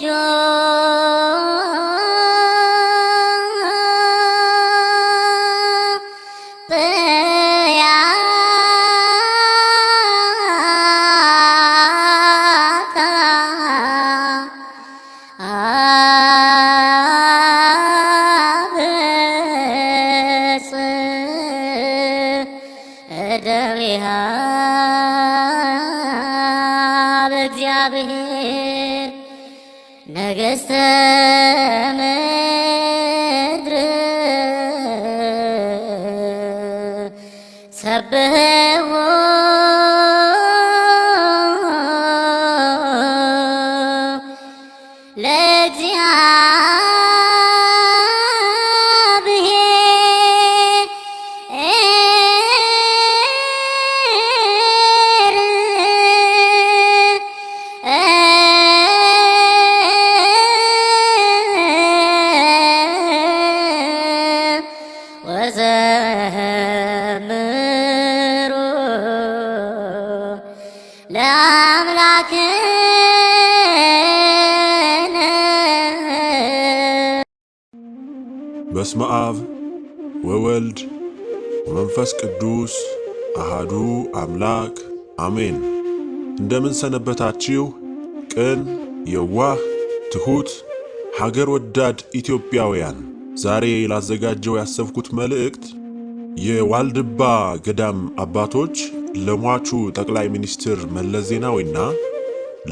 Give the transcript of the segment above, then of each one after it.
就。सब है वो በስመ አብ ወወልድ ወመንፈስ ቅዱስ አሃዱ አምላክ አሜን። እንደምን ሰነበታችሁ? ቅን የዋህ ትሑት ሀገር ወዳድ ኢትዮጵያውያን፣ ዛሬ ላዘጋጀው ያሰብኩት መልእክት የዋልድባ ገዳም አባቶች ለሟቹ ጠቅላይ ሚኒስትር መለስ ዜናዊና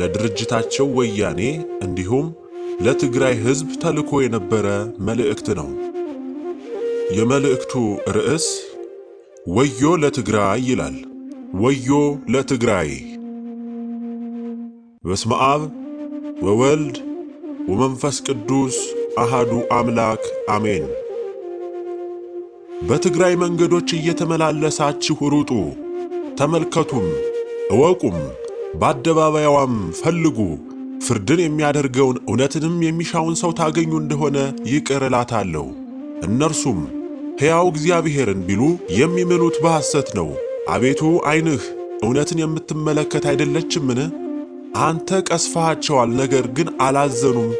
ለድርጅታቸው ወያኔ እንዲሁም ለትግራይ ሕዝብ ተልኮ የነበረ መልእክት ነው። የመልእክቱ ርዕስ ወዮ ለትግራይ ይላል። ወዮ ለትግራይ። በስመ አብ ወወልድ ወመንፈስ ቅዱስ አሃዱ አምላክ አሜን። በትግራይ መንገዶች እየተመላለሳችሁ ሩጡ፣ ተመልከቱም፣ እወቁም፣ በአደባባያዋም ፈልጉ። ፍርድን የሚያደርገውን እውነትንም የሚሻውን ሰው ታገኙ እንደሆነ ይቅር እላታለሁ። እነርሱም ሕያው እግዚአብሔርን ቢሉ የሚምሉት በሐሰት ነው። አቤቱ ዐይንህ እውነትን የምትመለከት አይደለችምን? አንተ ቀስፈሃቸዋል፣ ነገር ግን አላዘኑም።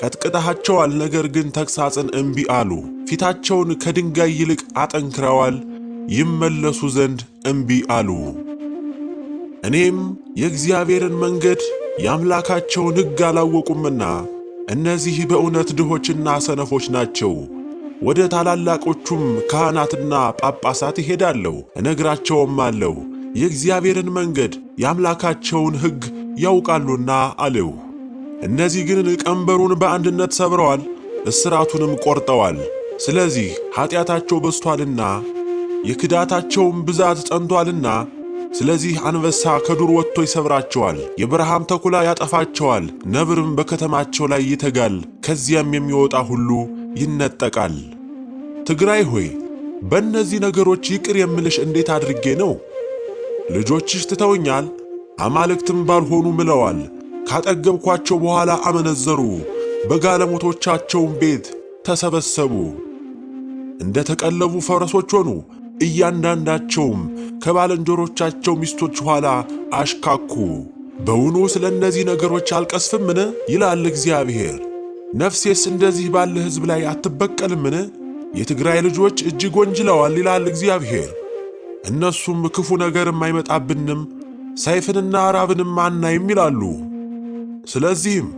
ቀጥቅጠሃቸዋል፣ ነገር ግን ተግሣጽን እምቢ አሉ። ፊታቸውን ከድንጋይ ይልቅ አጠንክረዋል፣ ይመለሱ ዘንድ እምቢ አሉ። እኔም የእግዚአብሔርን መንገድ የአምላካቸውን ሕግ አላወቁምና እነዚህ በእውነት ድሆችና ሰነፎች ናቸው። ወደ ታላላቆቹም ካህናትና ጳጳሳት እሄዳለሁ፣ እነግራቸውም አለው የእግዚአብሔርን መንገድ የአምላካቸውን ሕግ ያውቃሉና አለው። እነዚህ ግን ቀንበሩን በአንድነት ሰብረዋል፣ እስራቱንም ቆርጠዋል። ስለዚህ ኀጢአታቸው በዝቷልና የክዳታቸውም ብዛት ጸንቷልና፣ ስለዚህ አንበሳ ከዱር ወጥቶ ይሰብራቸዋል፣ የበረሃም ተኩላ ያጠፋቸዋል፣ ነብርም በከተማቸው ላይ ይተጋል። ከዚያም የሚወጣ ሁሉ ይነጠቃል። ትግራይ ሆይ በእነዚህ ነገሮች ይቅር የምልሽ እንዴት አድርጌ ነው? ልጆችሽ ትተውኛል፣ አማልክትም ባልሆኑ ምለዋል። ካጠገብኳቸው በኋላ አመነዘሩ፣ በጋለሞቶቻቸውም ቤት ተሰበሰቡ። እንደ ተቀለቡ ፈረሶች ሆኑ። እያንዳንዳቸውም ከባልንጀሮቻቸው ሚስቶች ኋላ አሽካኩ። በውኑ ስለ እነዚህ ነገሮች አልቀስፍምን? ይላል እግዚአብሔር። ነፍሴስ እንደዚህ ባለ ሕዝብ ላይ አትበቀልምን? የትግራይ ልጆች እጅግ ወንጅለዋል ይላል እግዚአብሔር። እነሱም ክፉ ነገርም አይመጣብንም፣ ሰይፍንና ራብንም አናይም ይላሉ። ስለዚህም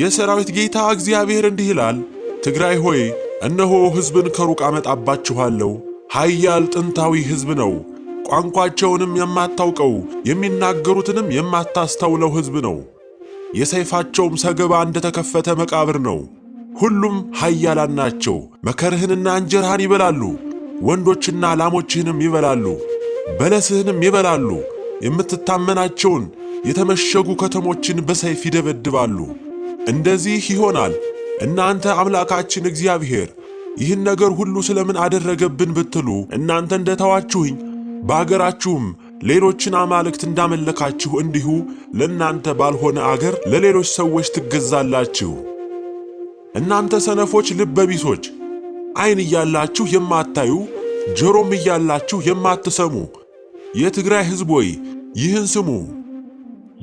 የሰራዊት ጌታ እግዚአብሔር እንዲህ ይላል፣ ትግራይ ሆይ እነሆ ሕዝብን ከሩቅ አመጣባችኋለሁ። ኃያል ጥንታዊ ሕዝብ ነው። ቋንቋቸውንም የማታውቀው የሚናገሩትንም የማታስተውለው ሕዝብ ነው። የሰይፋቸውም ሰገባ እንደተከፈተ መቃብር ነው። ሁሉም ኃያላን ናቸው። መከርህንና እንጀራህን ይበላሉ፣ ወንዶችና ላሞችህንም ይበላሉ፣ በለስህንም ይበላሉ። የምትታመናቸውን የተመሸጉ ከተሞችን በሰይፍ ይደበድባሉ። እንደዚህ ይሆናል እናንተ አምላካችን እግዚአብሔር ይህን ነገር ሁሉ ስለምን አደረገብን ብትሉ እናንተ ተዋችሁኝ በአገራችሁም ሌሎችን አማልክት እንዳመለካችሁ እንዲሁ ለእናንተ ባልሆነ አገር ለሌሎች ሰዎች ትገዛላችሁ። እናንተ ሰነፎች፣ ልበቢሶች፣ አይን እያላችሁ የማታዩ ጆሮም እያላችሁ የማትሰሙ የትግራይ ሕዝብ ሆይ ይህን ስሙ።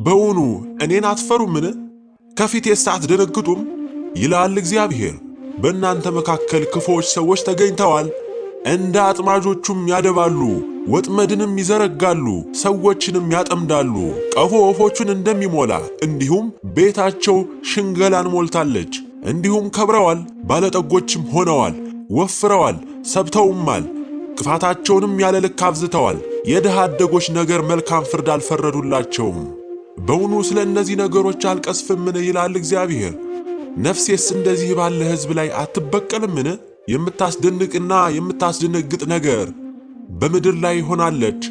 በውኑ እኔን አትፈሩምን? ከፊቴስ አትደነግጡም? ይላል እግዚአብሔር። በእናንተ መካከል ክፉዎች ሰዎች ተገኝተዋል። እንደ አጥማጆቹም ያደባሉ፣ ወጥመድንም ይዘረጋሉ፣ ሰዎችንም ያጠምዳሉ። ቀፎ ወፎቹን እንደሚሞላ እንዲሁም ቤታቸው ሽንገላን ሞልታለች። እንዲሁም ከብረዋል፣ ባለጠጎችም ሆነዋል፣ ወፍረዋል፣ ሰብተውማል፣ ክፋታቸውንም ያለ ልክ አብዝተዋል። የድሃ አደጎች ነገር መልካም ፍርድ አልፈረዱላቸውም። በውኑ ስለ እነዚህ ነገሮች አልቀስፍምን? ይላል እግዚአብሔር። ነፍሴስ እንደዚህ ባለ ሕዝብ ላይ አትበቀልምን? የምታስደንቅና የምታስደነግጥ ነገር በምድር ላይ ሆናለች።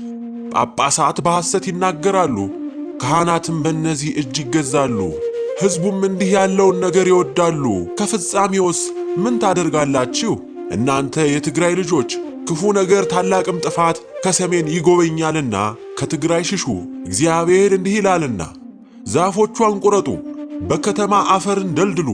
ጳጳሳት በሐሰት ይናገራሉ፣ ካህናትም በእነዚህ እጅ ይገዛሉ። ሕዝቡም እንዲህ ያለውን ነገር ይወዳሉ። ከፍጻሜውስ ምን ታደርጋላችሁ? እናንተ የትግራይ ልጆች ክፉ ነገር ታላቅም ጥፋት ከሰሜን ይጎበኛልና ከትግራይ ሽሹ። እግዚአብሔር እንዲህ ይላልና ዛፎቿን ቁረጡ፣ በከተማ አፈርን ደልድሉ፣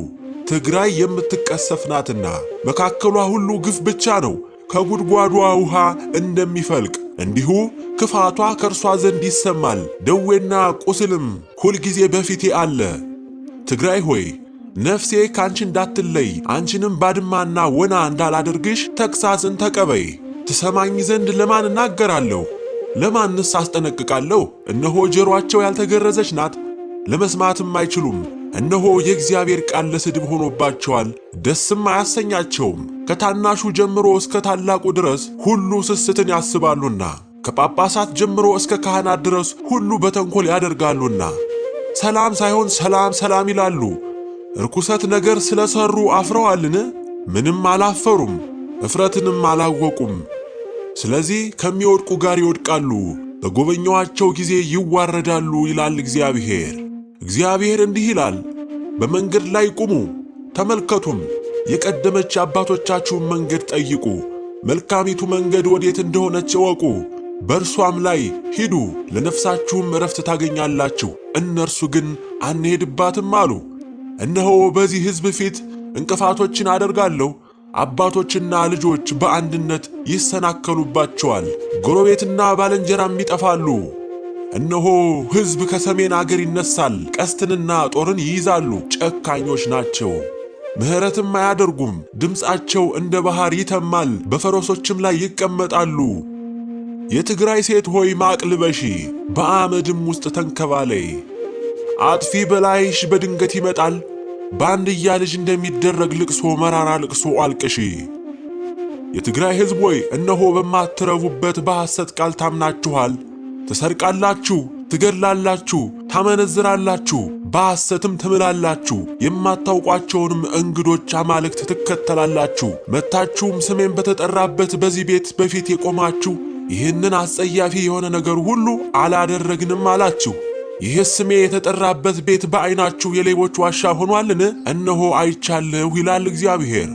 ትግራይ የምትቀሰፍ ናትና መካከሏ ሁሉ ግፍ ብቻ ነው ከጉድጓዷ ውሃ እንደሚፈልቅ እንዲሁ ክፋቷ ከእርሷ ዘንድ ይሰማል፣ ደዌና ቁስልም ሁልጊዜ በፊቴ አለ። ትግራይ ሆይ ነፍሴ ካንቺ እንዳትለይ፣ አንቺንም ባድማና ወና እንዳላደርግሽ ተግሣጽን ተቀበይ። ትሰማኝ ዘንድ ለማን እናገራለሁ? ለማንስ አስጠነቅቃለሁ? እነሆ ጆሮአቸው ያልተገረዘች ናት፣ ለመስማትም አይችሉም። እነሆ የእግዚአብሔር ቃል ለስድብ ሆኖባቸዋል፣ ደስም አያሰኛቸውም። ከታናሹ ጀምሮ እስከ ታላቁ ድረስ ሁሉ ስስትን ያስባሉና ከጳጳሳት ጀምሮ እስከ ካህናት ድረስ ሁሉ በተንኮል ያደርጋሉና ሰላም ሳይሆን ሰላም ሰላም ይላሉ። እርኩሰት ነገር ስለሰሩ አፍረዋልን? ምንም አላፈሩም፣ እፍረትንም አላወቁም። ስለዚህ ከሚወድቁ ጋር ይወድቃሉ፣ በጎበኘዋቸው ጊዜ ይዋረዳሉ ይላል እግዚአብሔር። እግዚአብሔር እንዲህ ይላል፣ በመንገድ ላይ ቁሙ ተመልከቱም፣ የቀደመች አባቶቻችሁን መንገድ ጠይቁ፣ መልካሚቱ መንገድ ወዴት እንደሆነች እወቁ፣ በእርሷም ላይ ሂዱ፣ ለነፍሳችሁም እረፍት ታገኛላችሁ። እነርሱ ግን አንሄድባትም አሉ። እነሆ በዚህ ሕዝብ ፊት እንቅፋቶችን አደርጋለሁ። አባቶችና ልጆች በአንድነት ይሰናከሉባቸዋል፣ ጎረቤትና ባልንጀራም ይጠፋሉ። እነሆ ሕዝብ ከሰሜን አገር ይነሳል፣ ቀስትንና ጦርን ይይዛሉ። ጨካኞች ናቸው፣ ምሕረትም አያደርጉም። ድምፃቸው እንደ ባሕር ይተማል፣ በፈረሶችም ላይ ይቀመጣሉ። የትግራይ ሴት ሆይ ማቅ ልበሺ፣ በአመድም ውስጥ ተንከባለይ። አጥፊ በላይሽ በድንገት ይመጣል፣ በአንድያ ልጅ እንደሚደረግ ልቅሶ መራራ ልቅሶ አልቅሺ። የትግራይ ሕዝብ ሆይ እነሆ በማትረቡበት በሐሰት ቃል ታምናችኋል። ትሰርቃላችሁ፣ ትገድላላችሁ፣ ታመነዝራላችሁ፣ በሐሰትም ትምላላችሁ፣ የማታውቋቸውንም እንግዶች አማልክት ትከተላላችሁ። መታችሁም ስሜን በተጠራበት በዚህ ቤት በፊት የቆማችሁ ይህንን አስጸያፊ የሆነ ነገር ሁሉ አላደረግንም አላችሁ። ይህ ስሜ የተጠራበት ቤት በዐይናችሁ የሌቦች ዋሻ ሆኗልን? እነሆ አይቻለሁ ይላል እግዚአብሔር።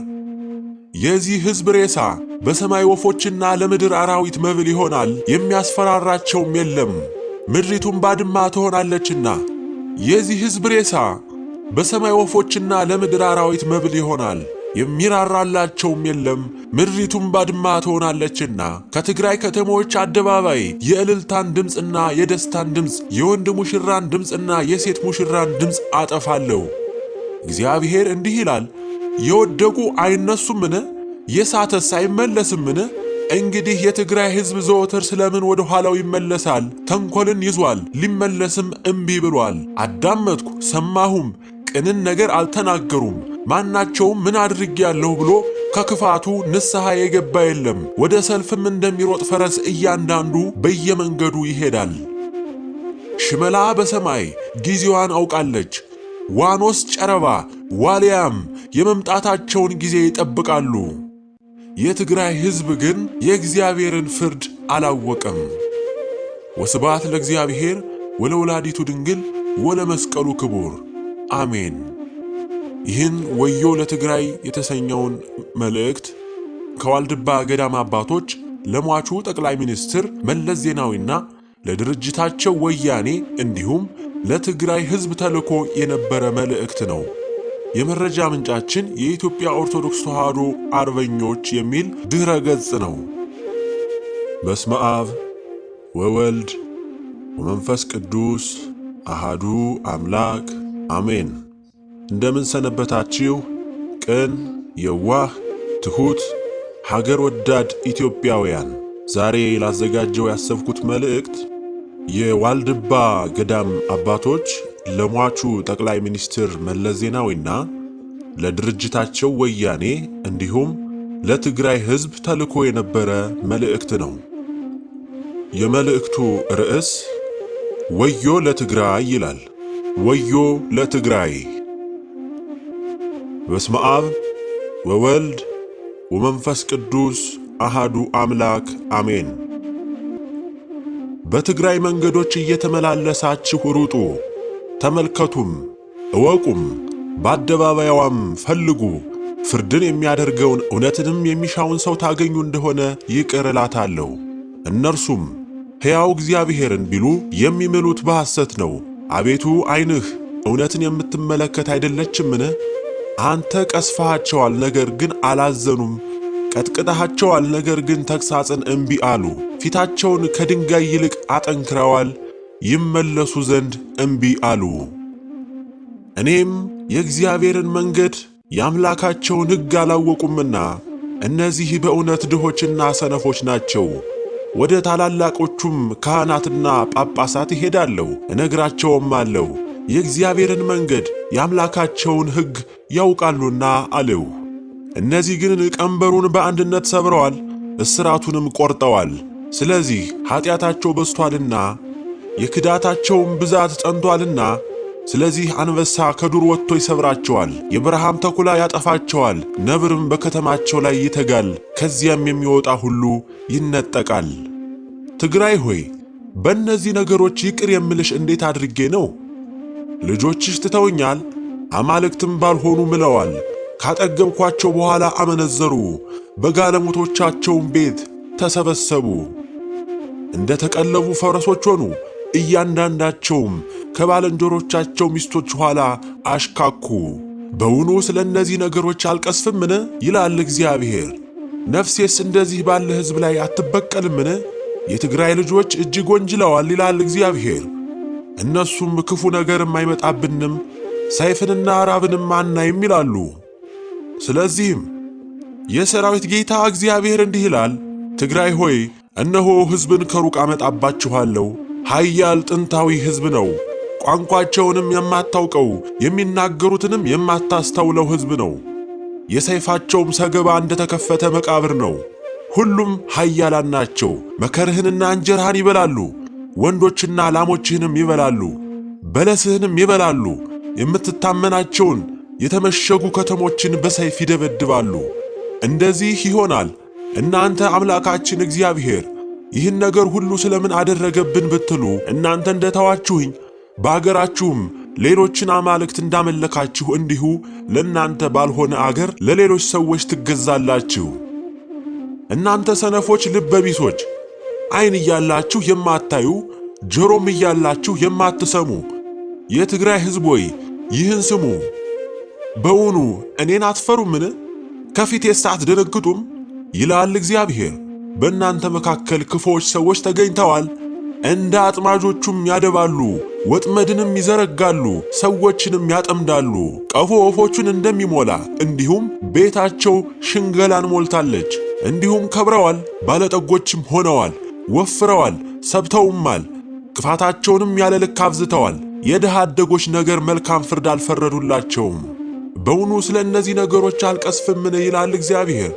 የዚህ ሕዝብ ሬሳ በሰማይ ወፎችና ለምድር አራዊት መብል ይሆናል፣ የሚያስፈራራቸውም የለም፣ ምድሪቱም ባድማ ትሆናለችና። የዚህ ሕዝብ ሬሳ በሰማይ ወፎችና ለምድር አራዊት መብል ይሆናል፣ የሚራራላቸውም የለም፣ ምድሪቱም ባድማ ትሆናለችና። ከትግራይ ከተሞች አደባባይ የእልልታን ድምፅና የደስታን ድምፅ፣ የወንድ ሙሽራን ድምፅና የሴት ሙሽራን ድምፅ አጠፋለሁ። እግዚአብሔር እንዲህ ይላል። የወደቁ አይነሱምን? የሳተ አይመለስምን? እንግዲህ የትግራይ ሕዝብ ዘወትር ስለምን ወደ ኋላው ይመለሳል? ተንኮልን ይዟል፣ ሊመለስም እምቢ ብሏል። አዳመጥኩ ሰማሁም፣ ቅንን ነገር አልተናገሩም። ማናቸውም ምን አድርጌያለሁ ብሎ ከክፋቱ ንስሐ የገባ የለም። ወደ ሰልፍም እንደሚሮጥ ፈረስ እያንዳንዱ በየመንገዱ ይሄዳል። ሽመላ በሰማይ ጊዜዋን አውቃለች። ዋኖስ ጨረባ ዋልያም የመምጣታቸውን ጊዜ ይጠብቃሉ። የትግራይ ሕዝብ ግን የእግዚአብሔርን ፍርድ አላወቀም። ወስባት ለእግዚአብሔር ወለወላዲቱ ድንግል ወለመስቀሉ ክቡር አሜን። ይህን ወዮ ለትግራይ የተሰኘውን መልእክት ከዋልድባ ገዳም አባቶች ለሟቹ ጠቅላይ ሚኒስትር መለስ ዜናዊና ለድርጅታቸው ወያኔ እንዲሁም ለትግራይ ሕዝብ ተልኮ የነበረ መልእክት ነው። የመረጃ ምንጫችን የኢትዮጵያ ኦርቶዶክስ ተዋሕዶ አርበኞች የሚል ድኅረ ገጽ ነው። በስመ አብ ወወልድ ወመንፈስ ቅዱስ አሃዱ አምላክ አሜን። እንደምን ሰነበታችሁ? ቅን የዋህ ትሑት ሀገር ወዳድ ኢትዮጵያውያን ዛሬ ላዘጋጀው ያሰብኩት መልእክት የዋልድባ ገዳም አባቶች ለሟቹ ጠቅላይ ሚኒስትር መለስ ዜናዊና ለድርጅታቸው ወያኔ እንዲሁም ለትግራይ ሕዝብ ተልኮ የነበረ መልእክት ነው። የመልእክቱ ርዕስ ወዮ ለትግራይ ይላል። ወዮ ለትግራይ። በስመ አብ ወወልድ ወመንፈስ ቅዱስ አሃዱ አምላክ አሜን። በትግራይ መንገዶች እየተመላለሳችሁ ሩጡ። ተመልከቱም እወቁም፣ በአደባባይዋም ፈልጉ። ፍርድን የሚያደርገውን እውነትንም የሚሻውን ሰው ታገኙ እንደሆነ ይቅር እላታለሁ። እነርሱም ሕያው እግዚአብሔርን ቢሉ የሚምሉት በሐሰት ነው። አቤቱ ዐይንህ እውነትን የምትመለከት አይደለችምን? አንተ ቀስፈሃቸዋል፣ ነገር ግን አላዘኑም። ቀጥቅጠሃቸዋል፣ ነገር ግን ተግሣጽን እምቢ አሉ። ፊታቸውን ከድንጋይ ይልቅ አጠንክረዋል፣ ይመለሱ ዘንድ እምቢ አሉ። እኔም የእግዚአብሔርን መንገድ የአምላካቸውን ሕግ አላወቁምና እነዚህ በእውነት ድሆችና ሰነፎች ናቸው፣ ወደ ታላላቆቹም ካህናትና ጳጳሳት እሄዳለሁ፣ እነግራቸውም አለው የእግዚአብሔርን መንገድ የአምላካቸውን ሕግ ያውቃሉና አለው። እነዚህ ግን ቀንበሩን በአንድነት ሰብረዋል፣ እስራቱንም ቆርጠዋል። ስለዚህ ኀጢአታቸው በዝቷልና የክዳታቸውም ብዛት ጸንቷልና ስለዚህ አንበሳ ከዱር ወጥቶ ይሰብራቸዋል፣ የብርሃም ተኩላ ያጠፋቸዋል፣ ነብርም በከተማቸው ላይ ይተጋል፣ ከዚያም የሚወጣ ሁሉ ይነጠቃል። ትግራይ ሆይ በእነዚህ ነገሮች ይቅር የምልሽ እንዴት አድርጌ ነው? ልጆችሽ ትተውኛል፣ አማልክትም ባልሆኑ ምለዋል። ካጠገብኳቸው በኋላ አመነዘሩ፣ በጋለሞቶቻቸውም ቤት ተሰበሰቡ፣ እንደ ተቀለቡ ፈረሶች ሆኑ። እያንዳንዳቸውም ከባልንጀሮቻቸው ሚስቶች ኋላ አሽካኩ። በውኑ ስለ እነዚህ ነገሮች አልቀስፍምን? ይላል እግዚአብሔር። ነፍሴስ እንደዚህ ባለ ሕዝብ ላይ አትበቀልምን? የትግራይ ልጆች እጅግ ወንጅለዋል ይላል እግዚአብሔር። እነሱም ክፉ ነገርም አይመጣብንም፣ ሰይፍንና ራብንም አናይም ይላሉ። ስለዚህም የሰራዊት ጌታ እግዚአብሔር እንዲህ ይላል፣ ትግራይ ሆይ እነሆ ሕዝብን ከሩቅ አመጣባችኋለሁ ኃያል ጥንታዊ ሕዝብ ነው። ቋንቋቸውንም የማታውቀው የሚናገሩትንም የማታስተውለው ሕዝብ ነው። የሰይፋቸውም ሰገባ እንደተከፈተ መቃብር ነው። ሁሉም ኃያላን ናቸው። መከርህንና እንጀራህን ይበላሉ፣ ወንዶችና ላሞችህንም ይበላሉ፣ በለስህንም ይበላሉ። የምትታመናቸውን የተመሸጉ ከተሞችን በሰይፍ ይደበድባሉ። እንደዚህ ይሆናል። እናንተ አምላካችን እግዚአብሔር ይህን ነገር ሁሉ ስለምን አደረገብን ብትሉ እናንተ እንደተዋችሁኝ በአገራችሁም ሌሎችን አማልክት እንዳመለካችሁ እንዲሁ ለእናንተ ባልሆነ አገር ለሌሎች ሰዎች ትገዛላችሁ። እናንተ ሰነፎች፣ ልበቢሶች፣ ዐይን እያላችሁ የማታዩ ጆሮም እያላችሁ የማትሰሙ የትግራይ ሕዝብ ሆይ ይህን ስሙ። በውኑ እኔን አትፈሩምን? ከፊቴስ አትደነግጡም? ይላል እግዚአብሔር። በእናንተ መካከል ክፉዎች ሰዎች ተገኝተዋል። እንደ አጥማጆቹም ያደባሉ፣ ወጥመድንም ይዘረጋሉ፣ ሰዎችንም ያጠምዳሉ። ቀፎ ወፎቹን እንደሚሞላ እንዲሁም ቤታቸው ሽንገላን ሞልታለች። እንዲሁም ከብረዋል፣ ባለጠጎችም ሆነዋል፣ ወፍረዋል፣ ሰብተውማል፣ ክፋታቸውንም ያለ ልክ አብዝተዋል። የድሃ አደጎች ነገር መልካም ፍርድ አልፈረዱላቸውም። በውኑ ስለ እነዚህ ነገሮች አልቀስፍምን? ይላል እግዚአብሔር።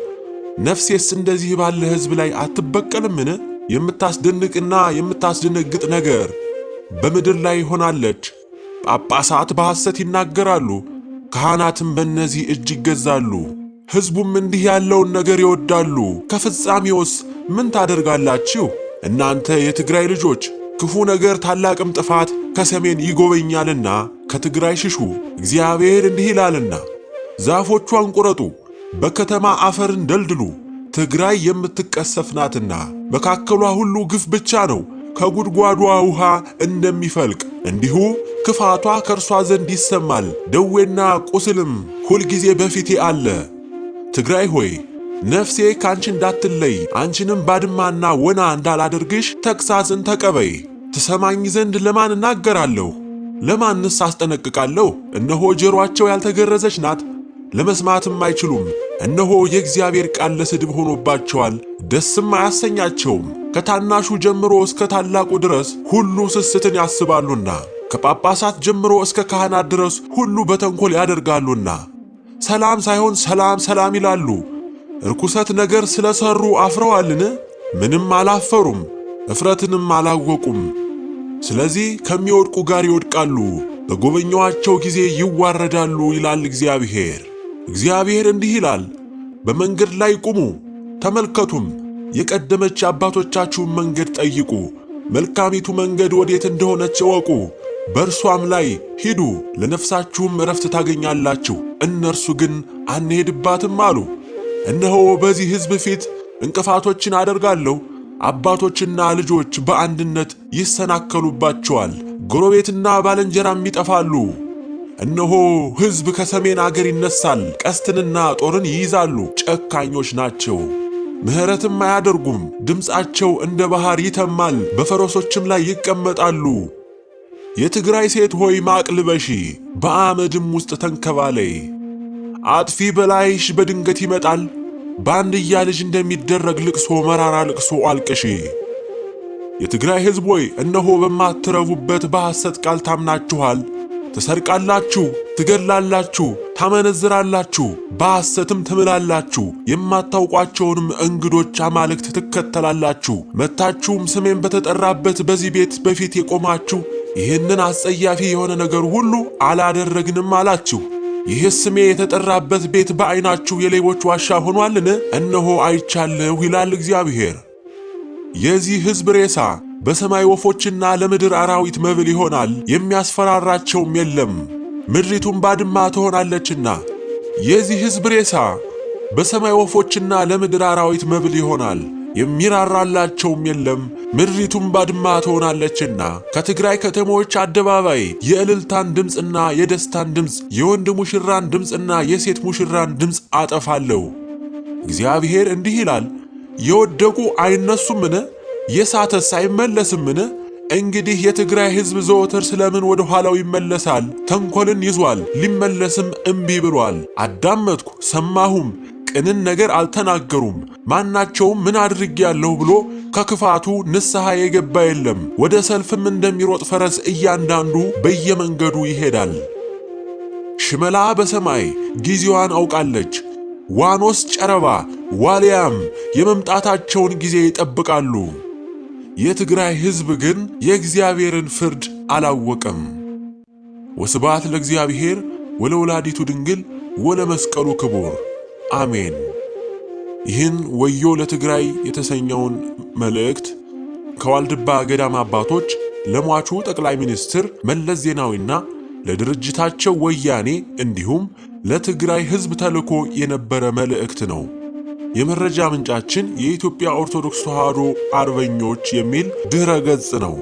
ነፍሴስ እንደዚህ ባለ ሕዝብ ላይ አትበቀልምን? የምታስደንቅና የምታስደነግጥ ነገር በምድር ላይ ሆናለች። ጳጳሳት በሐሰት ይናገራሉ፣ ካህናትም በእነዚህ እጅ ይገዛሉ። ሕዝቡም እንዲህ ያለውን ነገር ይወዳሉ። ከፍጻሜውስ ምን ታደርጋላችሁ? እናንተ የትግራይ ልጆች ክፉ ነገር ታላቅም ጥፋት ከሰሜን ይጎበኛልና ከትግራይ ሽሹ። እግዚአብሔር እንዲህ ይላልና ዛፎቿን ቁረጡ በከተማ አፈርን ደልድሉ፣ ትግራይ የምትቀሰፍ ናትና መካከሏ ሁሉ ግፍ ብቻ ነው ከጉድጓዷ ውሃ እንደሚፈልቅ እንዲሁ ክፋቷ ከእርሷ ዘንድ ይሰማል፣ ደዌና ቁስልም ሁልጊዜ በፊቴ አለ። ትግራይ ሆይ ነፍሴ ካንቺ እንዳትለይ፣ አንቺንም ባድማና ወና እንዳላደርግሽ ተግሣጽን ተቀበይ። ትሰማኝ ዘንድ ለማን እናገራለሁ? ለማንስ አስጠነቅቃለሁ? እነሆ ጆሮአቸው ያልተገረዘች ናት፣ ለመስማትም አይችሉም። እነሆ የእግዚአብሔር ቃል ለስድብ ሆኖባቸዋል፣ ደስም አያሰኛቸውም። ከታናሹ ጀምሮ እስከ ታላቁ ድረስ ሁሉ ስስትን ያስባሉና ከጳጳሳት ጀምሮ እስከ ካህናት ድረስ ሁሉ በተንኮል ያደርጋሉና ሰላም ሳይሆን ሰላም ሰላም ይላሉ። ርኩሰት ነገር ስለ ሠሩ አፍረዋልን? ምንም አላፈሩም፣ እፍረትንም አላወቁም። ስለዚህ ከሚወድቁ ጋር ይወድቃሉ፣ በጎበኘኋቸው ጊዜ ይዋረዳሉ ይላል እግዚአብሔር። እግዚአብሔር እንዲህ ይላል፣ በመንገድ ላይ ቁሙ ተመልከቱም፣ የቀደመች አባቶቻችሁን መንገድ ጠይቁ፣ መልካሚቱ መንገድ ወዴት እንደሆነች እወቁ፣ በእርሷም ላይ ሂዱ፣ ለነፍሳችሁም እረፍት ታገኛላችሁ። እነርሱ ግን አንሄድባትም አሉ። እነሆ በዚህ ሕዝብ ፊት እንቅፋቶችን አደርጋለሁ። አባቶችና ልጆች በአንድነት ይሰናከሉባቸዋል፣ ጎረቤትና ባልንጀራም ይጠፋሉ። እነሆ ሕዝብ ከሰሜን አገር ይነሳል፣ ቀስትንና ጦርን ይይዛሉ። ጨካኞች ናቸው፣ ምሕረትም አያደርጉም። ድምፃቸው እንደ ባሕር ይተማል፣ በፈረሶችም ላይ ይቀመጣሉ። የትግራይ ሴት ሆይ ማቅ ልበሺ፣ በአመድም ውስጥ ተንከባለይ። አጥፊ በላይሽ በድንገት ይመጣል፣ በአንድያ ልጅ እንደሚደረግ ልቅሶ መራራ ልቅሶ አልቅሺ። የትግራይ ሕዝብ ሆይ እነሆ በማትረቡበት በሐሰት ቃል ታምናችኋል። ትሰርቃላችሁ፣ ትገድላላችሁ፣ ታመነዝራላችሁ፣ በሐሰትም ትምላላችሁ፣ የማታውቋቸውንም እንግዶች አማልክት ትከተላላችሁ። መታችሁም ስሜን በተጠራበት በዚህ ቤት በፊት የቆማችሁ ይህንን አስጸያፊ የሆነ ነገር ሁሉ አላደረግንም አላችሁ። ይህ ስሜ የተጠራበት ቤት በዐይናችሁ የሌቦች ዋሻ ሆኗልን? እነሆ አይቻለሁ ይላል እግዚአብሔር። የዚህ ሕዝብ ሬሳ በሰማይ ወፎችና ለምድር አራዊት መብል ይሆናል፣ የሚያስፈራራቸውም የለም። ምድሪቱም ባድማ ትሆናለችና የዚህ ሕዝብ ሬሳ በሰማይ ወፎችና ለምድር አራዊት መብል ይሆናል፣ የሚራራላቸውም የለም። ምድሪቱም ባድማ ትሆናለችና ከትግራይ ከተሞች አደባባይ የእልልታን ድምፅና የደስታን ድምፅ የወንድ ሙሽራን ድምፅና የሴት ሙሽራን ድምፅ አጠፋለሁ። እግዚአብሔር እንዲህ ይላል፣ የወደቁ አይነሱምን? የሳተ ሳይመለስምን? እንግዲህ የትግራይ ሕዝብ ዘወትር ስለምን ወደ ኋላው ይመለሳል? ተንኮልን ይዟል፣ ሊመለስም እምቢ ብሏል። አዳመጥኩ ሰማሁም፣ ቅንን ነገር አልተናገሩም። ማናቸውም ምን አድርጌያለሁ ብሎ ከክፋቱ ንስሐ የገባ የለም። ወደ ሰልፍም እንደሚሮጥ ፈረስ እያንዳንዱ በየመንገዱ ይሄዳል። ሽመላ በሰማይ ጊዜዋን አውቃለች። ዋኖስ ጨረባ ዋልያም የመምጣታቸውን ጊዜ ይጠብቃሉ። የትግራይ ሕዝብ ግን የእግዚአብሔርን ፍርድ አላወቀም። ወስባት ለእግዚአብሔር ወለወላዲቱ ድንግል ወለመስቀሉ ክቡር አሜን። ይህን ወዮ ለትግራይ የተሰኘውን መልእክት ከዋልድባ ገዳም አባቶች ለሟቹ ጠቅላይ ሚኒስትር መለስ ዜናዊና ለድርጅታቸው ወያኔ እንዲሁም ለትግራይ ሕዝብ ተልኮ የነበረ መልእክት ነው። የመረጃ ምንጫችን የኢትዮጵያ ኦርቶዶክስ ተዋሕዶ አርበኞች የሚል ድረ ገጽ ነው።